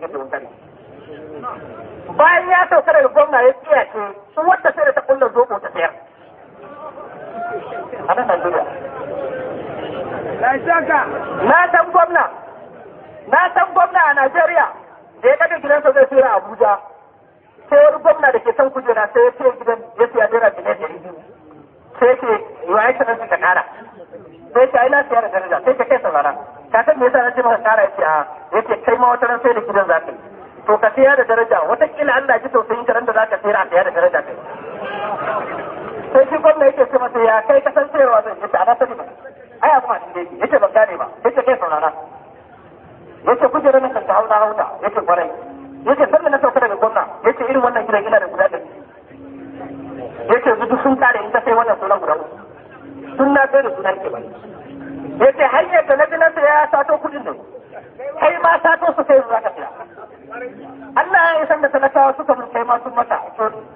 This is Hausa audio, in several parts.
shiga da bayan ya sauka daga gwamna ya tsaya ce su wata sai da ta kulla zobo ta sayar a nan Najeriya na san gwamna na san gwamna a Najeriya da ya kaga gidansa zai sayar a Abuja sai wani gwamna da ke san kujera sai ya sayar gidan ya siya naira biliyan ɗari biyu sai ce yiwa ya sanar ka kara sai ta ina siyar da daraja sai ta kai sabara ka san me yasa muka kara shi a yake kai ma wata ran sai da gidan za ka yi to ka siya da daraja watakila Allah ji tausayin karanta za ka sayar a siya da daraja kai sai shi gwamna yake ce masa ya kai kasancewa zan yace a na sani ba ai abu masu din yake yace ban gane ba yace kai saurara yace kujerar nan ta hauta hauta yace kwarai yace sannan na sauka daga gwamna yace irin wannan gidan ina da guda da yace yanzu sun kare in ta sai wannan sunan guda uku sun na sai da sunan ke bane yace hanyar da na sato kudin ne kai ma sato su sai za ka siya Allah ya san da talakawa suka mun kai ma sun mata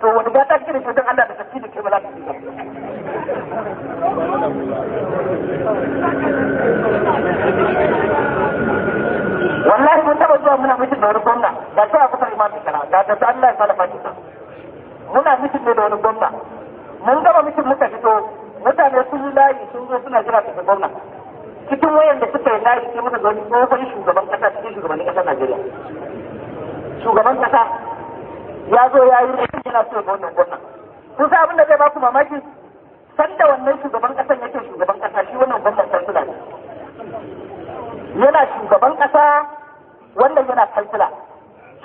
to wani ba ta kiri don Allah da tafi da kai ba wallahi mun taba zuwa muna mutum da wani gwamna ba sai a kusa imamu kana da da Allah ya fara fadi muna mutum ne da wani gwamna mun gama mutum muka fito mutane sun yi layi sun zo suna jira su gwamna cikin wayanda suka yi tashi sai muka zaune wani kai shugaban kasa cikin shugabannin kasar Najeriya shugaban kasa ya zo ya yi rikin yana so ga wannan gwamnan kun san abin da zai ba ku mamaki sanda wannan shugaban kasar yake shugaban kasa shi wannan gwamnan kansila ne yana shugaban kasa wannan yana kansila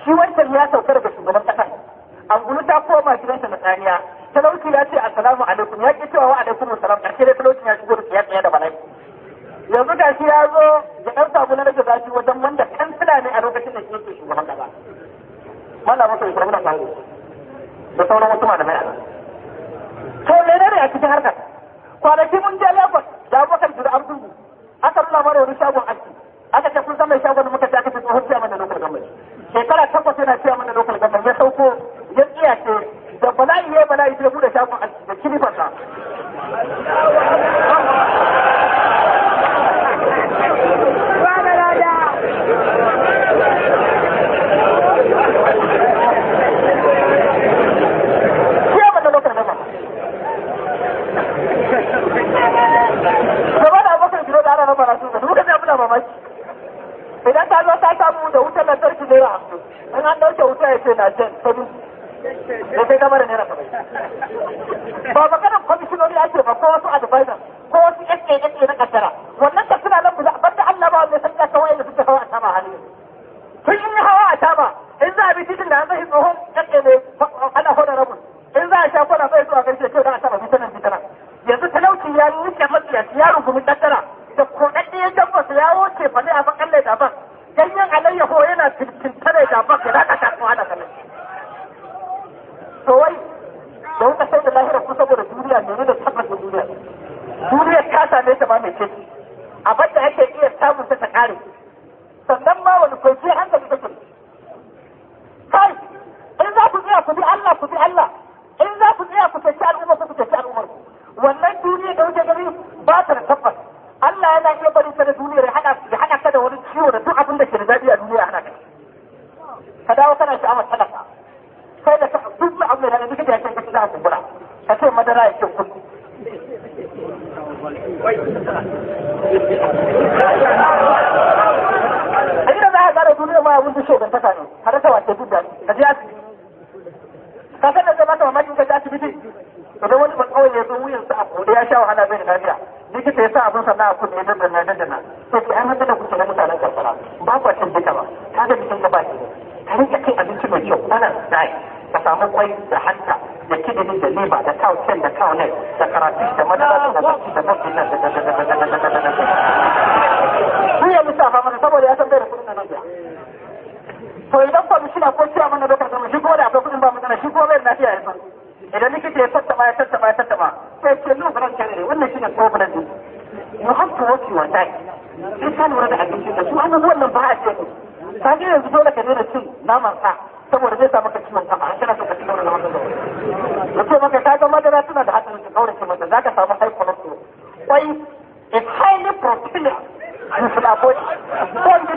shi wancan ya sauka daga shugaban kasar angulu ta koma gidansa na tsaniya talauci ya ce assalamu alaikum ya ƙi cewa wa alaikum Salam ƙarshe dai talauci ya shigo da siyasa da bala'i yanzu ga shi ya zo da ɗan samu na rage zafi wajen wanda kan kansila ne a lokacin da yake shugaban gaba wanda musu yi da faru da sauran wasu malamai a nan. to me ne ne a cikin harkar kwanaki mun je lagos da abubakar jira abdullu aka nuna mana wani shagon aiki. aka ce kun san mai shagon muka ce aka ce tsohon ciyaman da idan ta zo ka samu da wutar lantarki naira hamsin in an ɗauke wuta ya ce na jan sabi da sai gaba da naira saba'in ba maganar kwamishinoni ce ba ko wasu advisor ko wasu SASA na kaddara wannan da suna nan buza banda Allah ba wanda sanya kawai da suke hawa a sama hali sun yi hawa a sama in za a bi titin da an zai tsohon SASA ne ana hoda rabin in za a sha kwana bai zuwa gaishe kyau da a sama fitanan fitanan yanzu talauci ya nuke matsiyaci ya rungumi kaddara da kuɗaɗɗiyar tabbas ya wuce fa a ne daban ganyen alayyaho yana tintinta da daban ya da ta kuma da kallon to wai da kuka sai da lahira ku saboda duniya ne da tabbata duniya duniya ka same ta ba mai ce abin da ake iya samun ta ta kare sannan ma wani kwanciyar hankali take kai in za ku tsaya ku bi Allah ku bi Allah in za ku tsaya ku tafi al'umma ku tafi al'umma wannan duniya da wuce gari ba ta da yana iya barin ka da duniyar ya haɗa da wani ciwo da duk abin da ke da daɗi a duniya haɗa ka ka dawo kana sha'awar talaka sai da duk abin da ya duka ya ce za a kumbura ka ce madara ya ce a gida za a gara duniya ma ka rasa wace duk da ka ji asibiti ka san da zama ta mamakin ka ji asibiti idan wani ba kawai ya zo wuyansa a kuɗe ya sha wahala bai da ya sa abin na a ne da nan da nan sai ki an da kuke na mutanen karkara ba kwa cin duka ba ka ga bikin ka ne ka rike kai abinci mai kyau ana dai ka samu kwai da hanta da kidini da leba da cow ken da cow neck da karatu da madara da zaki da zaki da da da da da da da da ku ya lissafa mana saboda ya san bai da kudin nan da to idan kwamishina ko ciya mana dokar zama shi ko da akwai kudin ba magana shi ko bai da lafiya ya san idan likita ya tattaba ya tattaba ya tattaba sai ce lu shi da problem din you have to your time sai lura da abinci da su hannun wannan ba a ce ka yanzu dole ka daina cin naman sa saboda zai sa ka ciwon kafa kana so ka da ce maka ka ga madara tana da hatsarin ka kaurace mata za ka samu high cholesterol kwai is highly protein in